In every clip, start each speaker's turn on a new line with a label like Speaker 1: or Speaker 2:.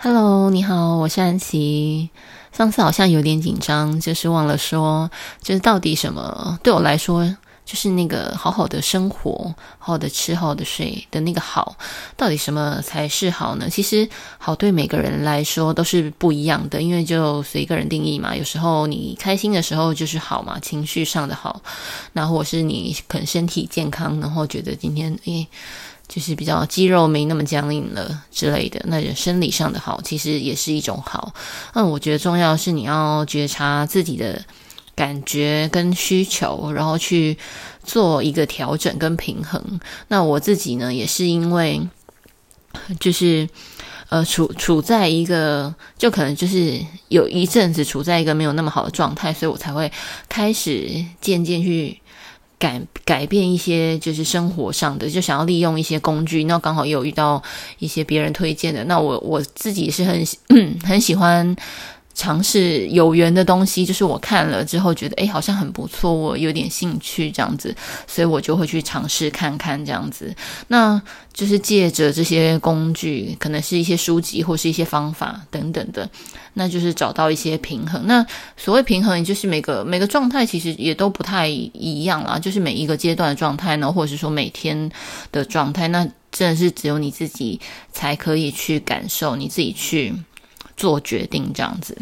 Speaker 1: Hello，你好，我是安琪。上次好像有點緊張，就是忘了說，就是到底什麼對我來說，就是那個好好的生活，好好的吃，好好的睡的那個好，到底什麼才是好呢？其實好對每個人來說都是不一樣的，因為就隨個人定義嘛。有時候你開心的時候就是好嘛，情緒上的好，然後或是你可能身體健康，然後覺得今天哎。欸就是比較肌肉沒那麼僵硬了之類的，那就生理上的好其實也是一種好。那我覺得重要的是你要覺察自己的感覺跟需求，然後去做一個調整跟平衡。那我自己呢，也是因為就是呃，處處在一個就可能就是有一陣子處在一個沒有那麼好的狀態，所以我才會開始漸漸去。改改變一些就是生活上的，就想要利用一些工具，那剛好也有遇到一些別人推薦的，那我我自己是很、嗯、很喜歡嘗試有緣的東西，就是我看了之後覺得，哎，好像很不錯，我有點興趣這樣子，所以我就會去嘗試看看這樣子。那就是借着這些工具，可能是一些書籍或是一些方法等等的，那就是找到一些平衡。那所謂平衡，就是每個每個狀態其實也都不太一樣啦，就是每一個階段的狀態呢，或者是說每天的狀態，那真的是只有你自己才可以去感受，你自己去做決定這樣子。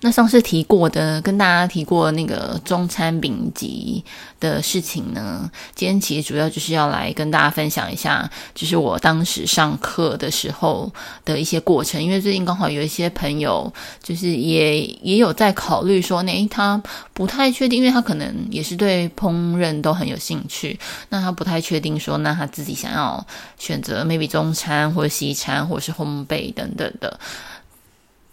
Speaker 1: 那上次提過的，跟大家提過那個中餐丙級的事情呢，今天其實主要就是要來跟大家分享一下，就是我當時上課的時候的一些過程。因為最近剛好有一些朋友，就是也也有在考慮說，那、欸、他不太確定，因為他可能也是對烹飪都很有興趣，那他不太確定說，那他自己想要選擇 maybe 中餐或者西餐，或者是烘焙等等的。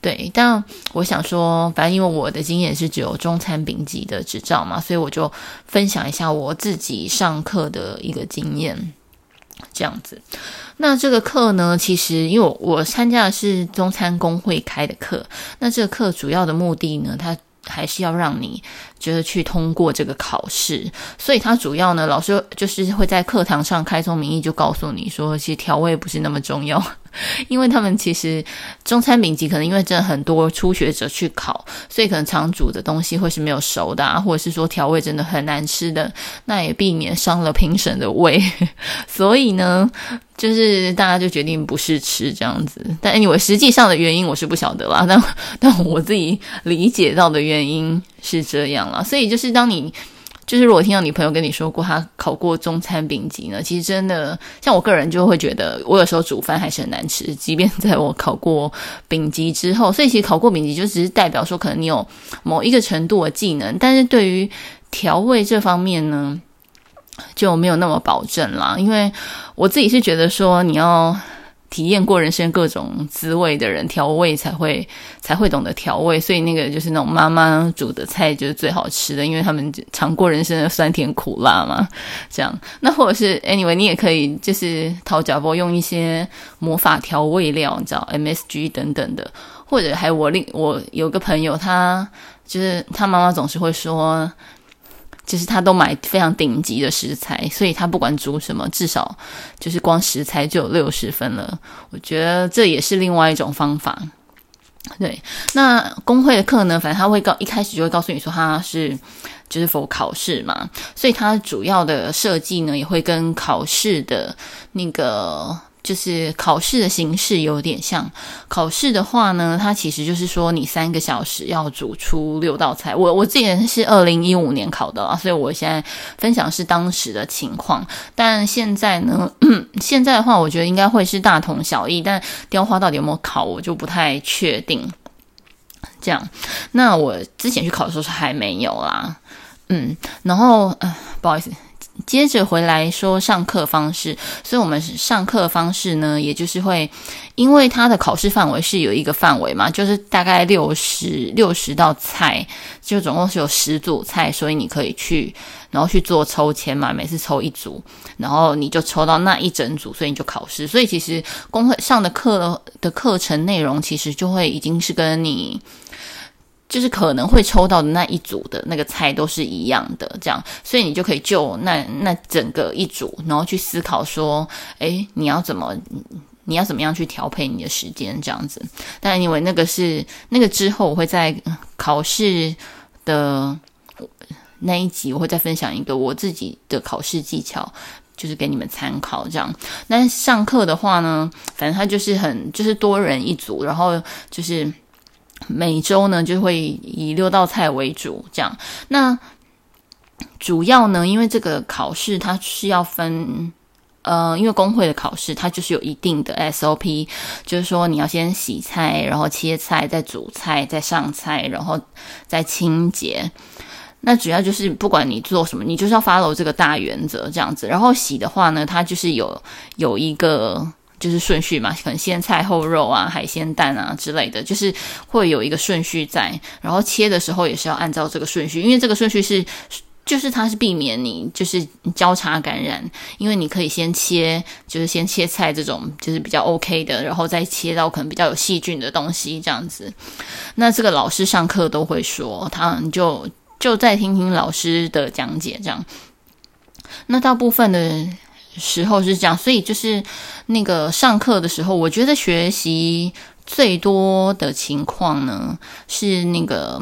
Speaker 1: 對，但我想說，反正因為我的經驗是只有中餐丙級的執照嘛，所以我就分享一下我自己上課的一個經驗，這樣子。那這個課呢，其實因為我我參加的是中餐工會開的課，那這個課主要的目的呢，它還是要讓你。就是去通過這個考試，所以他主要呢，老師就是會在課堂上開宗明義就告訴你說，其實調味不是那麼重要，因為他們其實中餐丙級可能因為真的很多初學者去考，所以可能常煮的東西會是沒有熟的啊，或者是說調味真的很難吃的，那也避免傷了評審的胃，所以呢，就是大家就決定不試吃這樣子。但因為實際上的原因，我是不曉得啦，但但我自己理解到的原因。是這樣啦，所以就是當你，就是如果聽到你朋友跟你說過他考過中餐丙級呢，其實真的像我個人就會覺得，我有時候煮飯還是很難吃，即便在我考過丙級之後。所以其實考過丙級就只是代表說，可能你有某一個程度的技能，但是對於調味這方面呢，就沒有那麼保證啦，因為我自己是覺得說，你要。體驗過人生各種滋味的人，調味才會才會懂得調味，所以那個就是那種媽媽煮的菜就是最好吃的，因為他們嘗過人生的酸甜苦辣嘛。這樣，那或者是 anyway，你也可以就是淘假貨，用一些魔法調味料，叫 MSG 等等的，或者還有我另我有個朋友他，他就是他媽媽總是會說。就是他都買非常頂級的食材，所以他不管煮什麼，至少就是光食材就有六十分了。我覺得這也是另外一種方法。對，那工會的課呢，反正他會告，一開始就會告訴你說他是，就是否考試嘛，所以他主要的設計呢，也會跟考試的那個。就是考試的形式有點像，考試的話呢，它其實就是說你三個小時要煮出六道菜。我我自己是二零一五年考的啦，所以我現在分享是當時的情況。但現在呢，嗯、現在的話，我覺得應該會是大同小異。但雕花到底有沒有考，我就不太確定。這樣，那我之前去考的時候是還沒有啦。嗯，然後，呃、不好意思。接着回來說上課方式，所以我們上課方式呢，也就是會，因為他的考試範圍是有一個範圍嘛，就是大概六十六十道菜，就總共是有十組菜，所以你可以去，然後去做抽籤嘛，每次抽一組，然後你就抽到那一整組，所以你就考試。所以其實工會上的課的課程內容，其實就會已經是跟你。就是可能會抽到的那一組的那個菜都是一樣的，這樣，所以你就可以就那那整個一組，然後去思考說，誒，你要怎麼，你要怎麼樣去調配你的時間這樣子。但因為那個是那個之後，我會在考試的那一集，我會再分享一個我自己的考試技巧，就是給你們參考這樣。那上課的話呢，反正他就是很就是多人一組，然後就是。每週呢，就會以六道菜為主，這樣。那主要呢，因為這個考試它是要分，呃，因為公會的考試它就是有一定的 SOP，就是說你要先洗菜，然後切菜，再煮菜，再上菜，然後再清潔。那主要就是不管你做什麼，你就是要 follow 這個大原則這樣子。然後洗的話呢，它就是有有一個。就是順序嘛，可能先菜後肉啊，海鮮蛋啊之類的，就是會有一個順序在。然後切的時候也是要按照這個順序，因為這個順序是，就是它是避免你就是交叉感染，因為你可以先切，就是先切菜這種就是比較 OK 的，然後再切到可能比較有細菌的東西這樣子。那這個老師上課都會說，他就，就再聽聽老師的講解這樣。那大部分的。時候是這樣，所以就是那個上課的時候，我覺得學習最多的情況呢，是那個。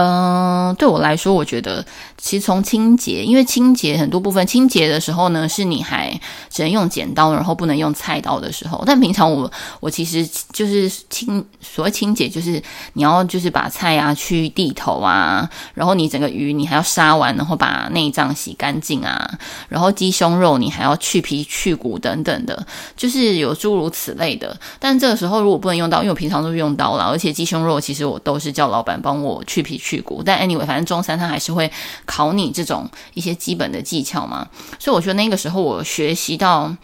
Speaker 1: 嗯、呃，對我來說，我覺得其實從清潔，因為清潔很多部分，清潔的時候呢，是你還只能用剪刀，然後不能用菜刀的時候。但平常我我其實就是清，所謂清潔就是你要就是把菜啊去蒂頭啊，然後你整個魚你還要殺完，然後把內臟洗乾淨啊，然後雞胸肉你還要去皮去骨等等的，就是有諸如此類的。但這個時候如果不能用刀，因為我平常都是用刀了，而且雞胸肉其實我都是叫老闆幫我去皮去骨。去骨，但 anyway，反正中餐他還是會考你這種一些基本的技巧嘛。所以我覺得那個時候我學習到，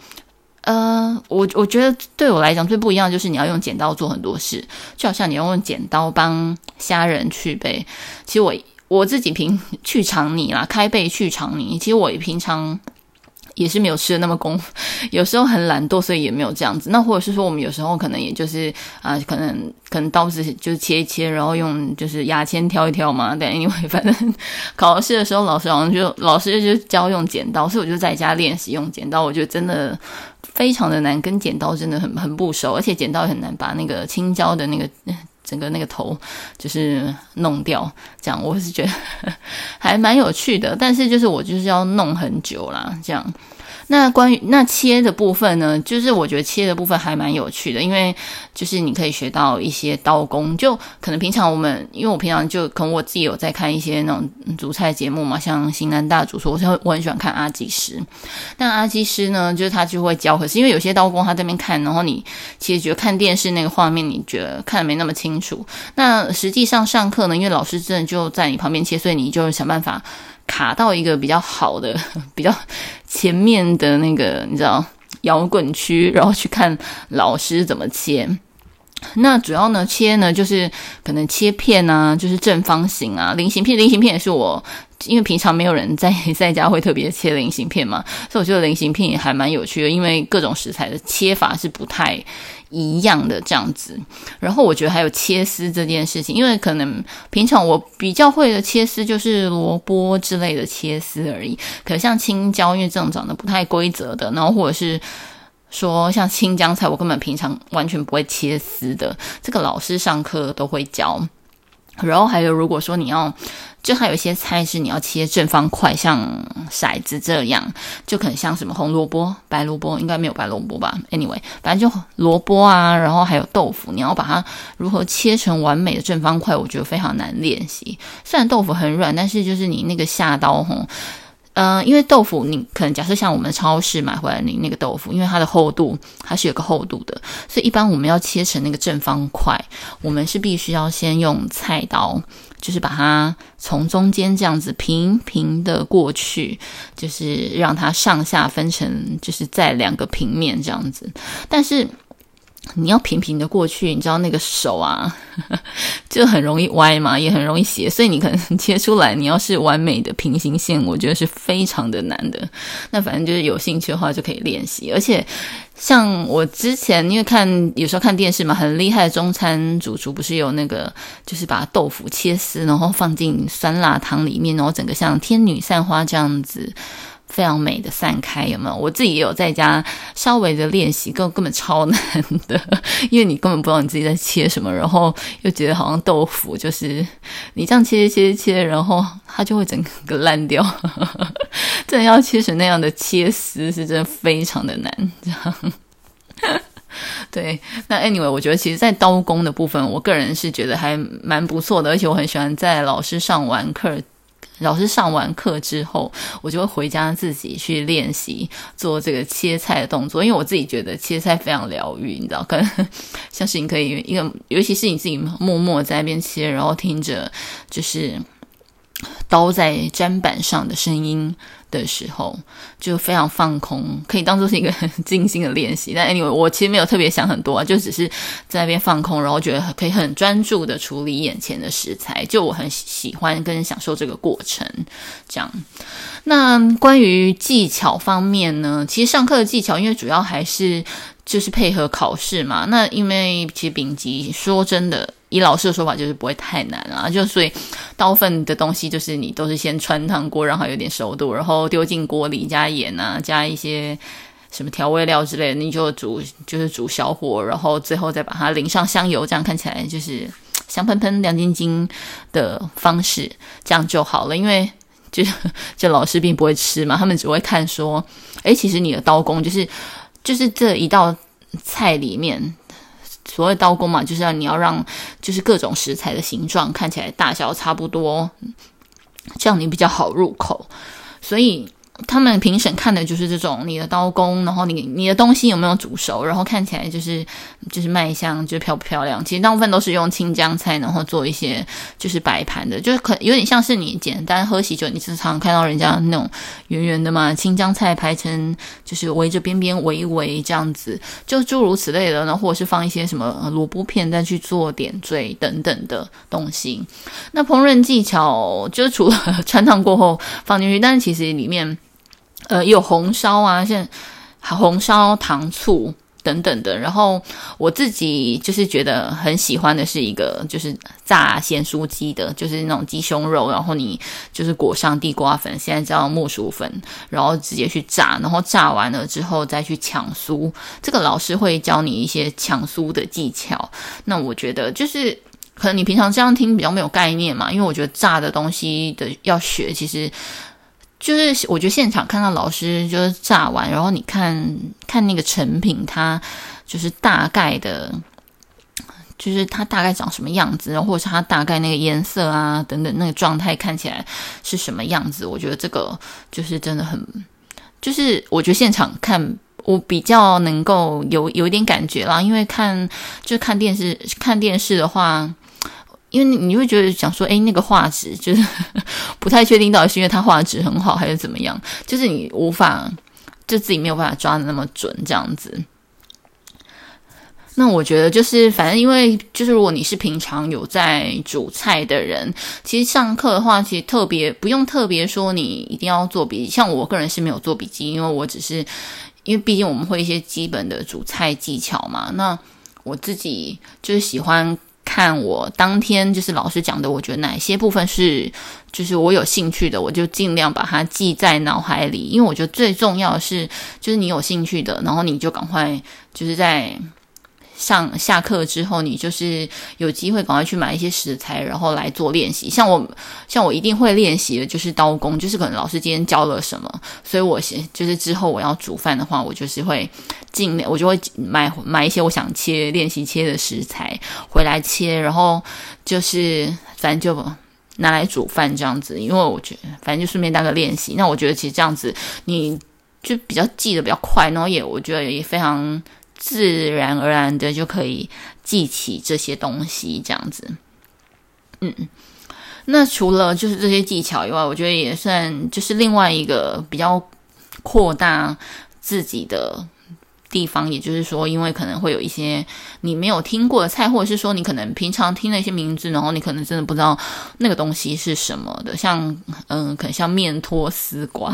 Speaker 1: 呃，我我覺得對我來講最不一樣就是你要用剪刀做很多事，就好像你要用剪刀幫蝦仁去背。其實我我自己平去腸泥啦，開背去腸泥。其實我也平常。也是沒有吃的那麼功夫，有時候很懶惰，所以也沒有這樣子。那或者是說，我們有時候可能也就是啊，可能可能刀子就是切一切，然後用就是牙籤挑一挑嘛。但因為反正考試的時候，老師好像就老師就教用剪刀，所以我就在家練習用剪刀。我覺得真的非常的難，跟剪刀真的很很不熟，而且剪刀也很難把那個青椒的那個。整個那個頭就是弄掉，這樣我是覺得呵，還蠻有趣的，但是就是我就是要弄很久啦，這樣。那關於那切的部分呢，就是我覺得切的部分還蠻有趣的，因為就是你可以學到一些刀工，就可能平常我們因為我平常就可能我自己有在看一些那種煮菜節目嘛，像《型男大主廚》，我喜我很喜歡看阿基師，但阿基師呢，就是他就會教，可是因為有些刀工他在那邊看，然後你其實覺得看電視那個畫面，你覺得看得沒那麼清楚。那實際上上課呢，因為老師真的就在你旁邊切，所以你就想辦法卡到一個比較好的比較，前面的那個你知道搖滾區，然後去看老師怎麼切。那主要呢，切呢，就是可能切片啊，就是正方形啊、菱形片，菱形片也是我。因為平常沒有人在在家會特別切菱形片嘛，所以我覺得菱形片也還蠻有趣的。因為各種食材的切法是不太一樣的這樣子。然後我覺得還有切絲這件事情，因為可能平常我比較會的切絲就是蘿蔔之類的切絲而已。可像青椒，因為這種長得不太規則的，然後或者是說像青江菜，我根本平常完全不會切絲的。這個老師上課都會教。然後還有，如果說你要。就還有一些菜是你要切正方塊，像骰子這樣，就可能像什麼紅蘿蔔、白蘿蔔，應該沒有白蘿蔔吧？Anyway，反正就蘿蔔啊，然後還有豆腐，你要把它如何切成完美的正方塊，我覺得非常難練習。雖然豆腐很軟，但是就是你那個下刀吼，嗯、呃，因為豆腐你可能假設像我們超市買回來你那個豆腐，因為它的厚度它是有個厚度的，所以一般我們要切成那個正方塊，我們是必須要先用菜刀。就是把它從中間這樣子平平的過去，就是讓它上下分成，就是在兩個平面這樣子。但是你要平平的過去，你知道那個手啊。呵呵就很容易歪嘛，也很容易斜，所以你可能切出來，你要是完美的平行線，我覺得是非常的難的。那反正就是有興趣的話，就可以練習。而且，像我之前因為看有時候看電視嘛，很厲害的中餐主廚不是有那個，就是把豆腐切絲，然後放進酸辣湯裡面，然後整個像天女散花這樣子。非常美的散開，有沒有？我自己也有在家稍微的練習，根根本超難的，因為你根本不知道你自己在切什麼，然後又覺得好像豆腐，就是你這樣切切切，切，然後它就會整個爛掉。 真的要切成那樣的切絲，是真的非常的難。這樣 對，那 anyway，我覺得其實，在刀工的部分，我個人是覺得還蠻不錯的，而且我很喜歡在老師上完課。老師上完課之後，我就會回家自己去練習做這個切菜的動作，因為我自己覺得切菜非常療癒，你知道，可能像是你可以一個，因為尤其是你自己默默在那邊切，然後聽着，就是。刀在砧板上的聲音的時候，就非常放空，可以當做是一個很靜心的練習。但 anyway，我其實沒有特別想很多，啊，就只是在那邊放空，然後覺得可以很專注的處理眼前的食材，就我很喜歡跟享受這個過程。這樣。那關於技巧方面呢？其實上課的技巧，因為主要還是就是配合考試嘛。那因為其實丙級，說真的。以老師的說法，就是不會太難啊，就所以大部分的東西就是你都是先汆燙過，然後有點熟度，然後丟進鍋裡加鹽啊，加一些什麼調味料之類的，你就煮就是煮小火，然後最後再把它淋上香油，這樣看起來就是香噴噴，噴、亮晶晶的方式，這樣就好了。因為就是這老師並不會吃嘛，他們只會看說，哎，其實你的刀工就是就是這一道菜裡面。所謂刀工嘛，就是要你要讓，就是各種食材的形狀看起來大小差不多，這樣你比較好入口，所以。他們評審看的就是這種你的刀工，然後你你的東西有沒有煮熟，然後看起來就是就是賣相就是漂不漂亮。其實大部分都是用青江菜，然後做一些就是擺盤的，就是可有點像是你簡單喝喜酒，你經常，常看到人家那種圓圓的嘛，青江菜排成就是圍着邊邊圍一圍這樣子，就諸如此類的呢，或者是放一些什麼蘿蔔片再去做點綴等等的東西。那烹飪技巧就是除了呵呵汆燙過後放進去，但是其實裡面。呃，有紅燒啊，像紅燒、糖醋等等的。然後我自己就是覺得很喜歡的是一個，就是炸鹹酥雞的，就是那種雞胸肉，然後你就是裹上地瓜粉，現在叫木薯粉，然後直接去炸，然後炸完了之後再去搶酥。這個老師會教你一些搶酥的技巧。那我覺得就是可能你平常這樣聽比較沒有概念嘛，因為我覺得炸的東西的要學，其實。就是我覺得現場看到老師就是炸完，然後你看看那個成品，它就是大概的，就是它大概長什麼樣子，然後或者是它大概那個顏色啊等等，那個狀態看起來是什麼樣子，我覺得這個就是真的很，就是我覺得現場看我比較能夠有有一點感覺啦，因為看就看電視，看電視的話。因為你會覺得想說，誒，那個畫質就是呵呵不太確定，到底是因為它畫質很好還是怎麼樣？就是你無法就自己沒有辦法抓得那麼準這樣子。那我覺得就是反正因為就是如果你是平常有在煮菜的人，其實上課的話，其實特別不用特別說你一定要做筆記。像我個人是沒有做筆記，因為我只是因為畢竟我們會一些基本的煮菜技巧嘛。那我自己就是喜歡。看我當天就是老師講的，我覺得哪些部分是就是我有興趣的，我就盡量把它記在腦海裡，因為我覺得最重要的是就是你有興趣的，然後你就趕快就是在。上下課之後，你就是有機會趕快去買一些食材，然後來做練習。像我，像我一定會練習的就是刀工，就是可能老師今天教了什麼，所以我就是之後我要煮飯的話，我就是會盡量，我就會買買一些我想切練習切的食材回來切，然後就是反正就拿來煮飯這樣子，因為我覺得反正就順便當個練習。那我覺得其實這樣子，你就比較記得比較快，然後也我覺得也非常。自然而然的就可以記起這些東西，這樣子。嗯嗯，那除了就是這些技巧以外，我覺得也算就是另外一個比較擴大自己的地方，也就是說，因為可能會有一些你沒有聽過的菜，或者是說你可能平常聽了一些名字，然後你可能真的不知道那個東西是什麼的。像，嗯，可能像麵拖絲瓜，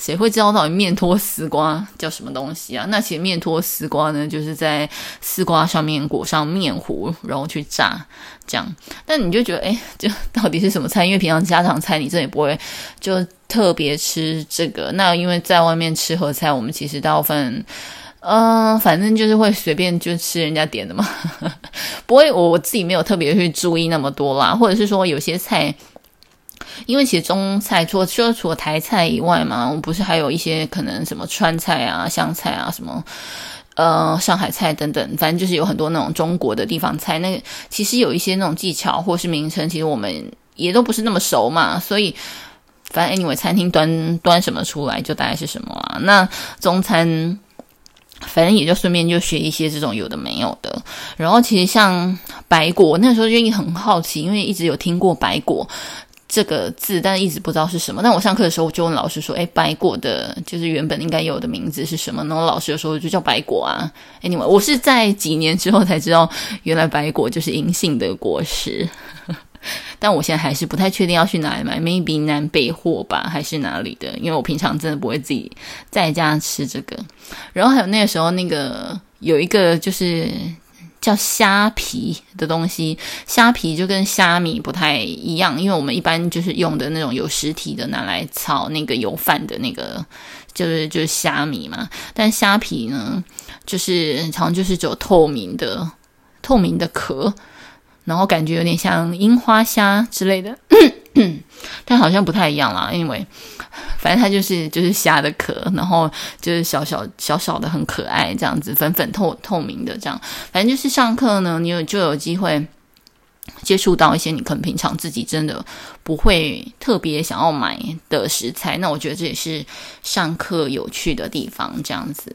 Speaker 1: 誰 會知道到底麵拖絲瓜叫什麼東西啊？那其實麵拖絲瓜呢，就是在絲瓜上麵裹上麵糊，然後去炸這樣。但你就覺得，誒、欸，這到底是什麼菜？因為平常家常菜，你真的也不會就特別吃這個。那因為在外面吃合菜，我們其實大部分。嗯、呃，反正就是會隨便就吃人家點的嘛，呵呵，不會我我，自己沒有特別去注意那麼多啦。或者是說有些菜，因為其實中菜，除了除了台菜以外嘛，我們不是還有一些可能什麼川菜啊、湘菜啊什麼，呃，上海菜等等，反正就是有很多那種中國的地方菜。那其實有一些那種技巧或是名稱，其實我們也都不是那麼熟嘛，所以反正 anyway 餐廳端端什麼出來就大概是什麼啊。那中餐。反正也就順便就學一些這種有的沒有的，然後其實像白果，我那時候就也很好奇，因為一直有聽過白果這個字，但是一直不知道是什麼。但我上課的時候我就問老師說：“哎，白果的，就是原本應該有的名字是什麼？”然後老師有時候就叫白果啊。”哎，你們我是在幾年之後才知道，原來白果就是銀杏的果實。但我現在還是不太確定要去哪裡買，maybe 南北貨吧，還是哪裡的？因為我平常真的不會自己在家吃這個。然後還有那個時候，那個有一個就是叫蝦皮的東西，蝦皮就跟蝦米不太一樣，因為我們一般就是用的那種有實體的拿來炒那個油飯的那個，就是就是蝦米嘛。但蝦皮呢，就是好像就是只有透明的透明的殼。然後感覺有點像櫻花蝦之類的， 但好像不太一樣啦。因為反正它就是就是蝦的殼，然後就是小小小小的，很可愛，這樣子粉粉透透明的這樣。反正就是上課呢，你有就有機會接觸到一些你可能平常自己真的不會特別想要買的食材。那我覺得這也是上課有趣的地方，這樣子。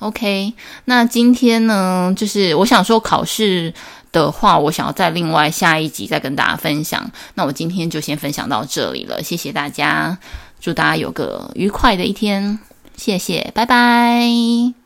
Speaker 1: OK，那今天呢，就是我想說考試，的話，我想要再另外下一集再跟大家分享。那我今天就先分享到這裡了，謝謝大家，祝大家有個愉快的一天，謝謝，拜拜。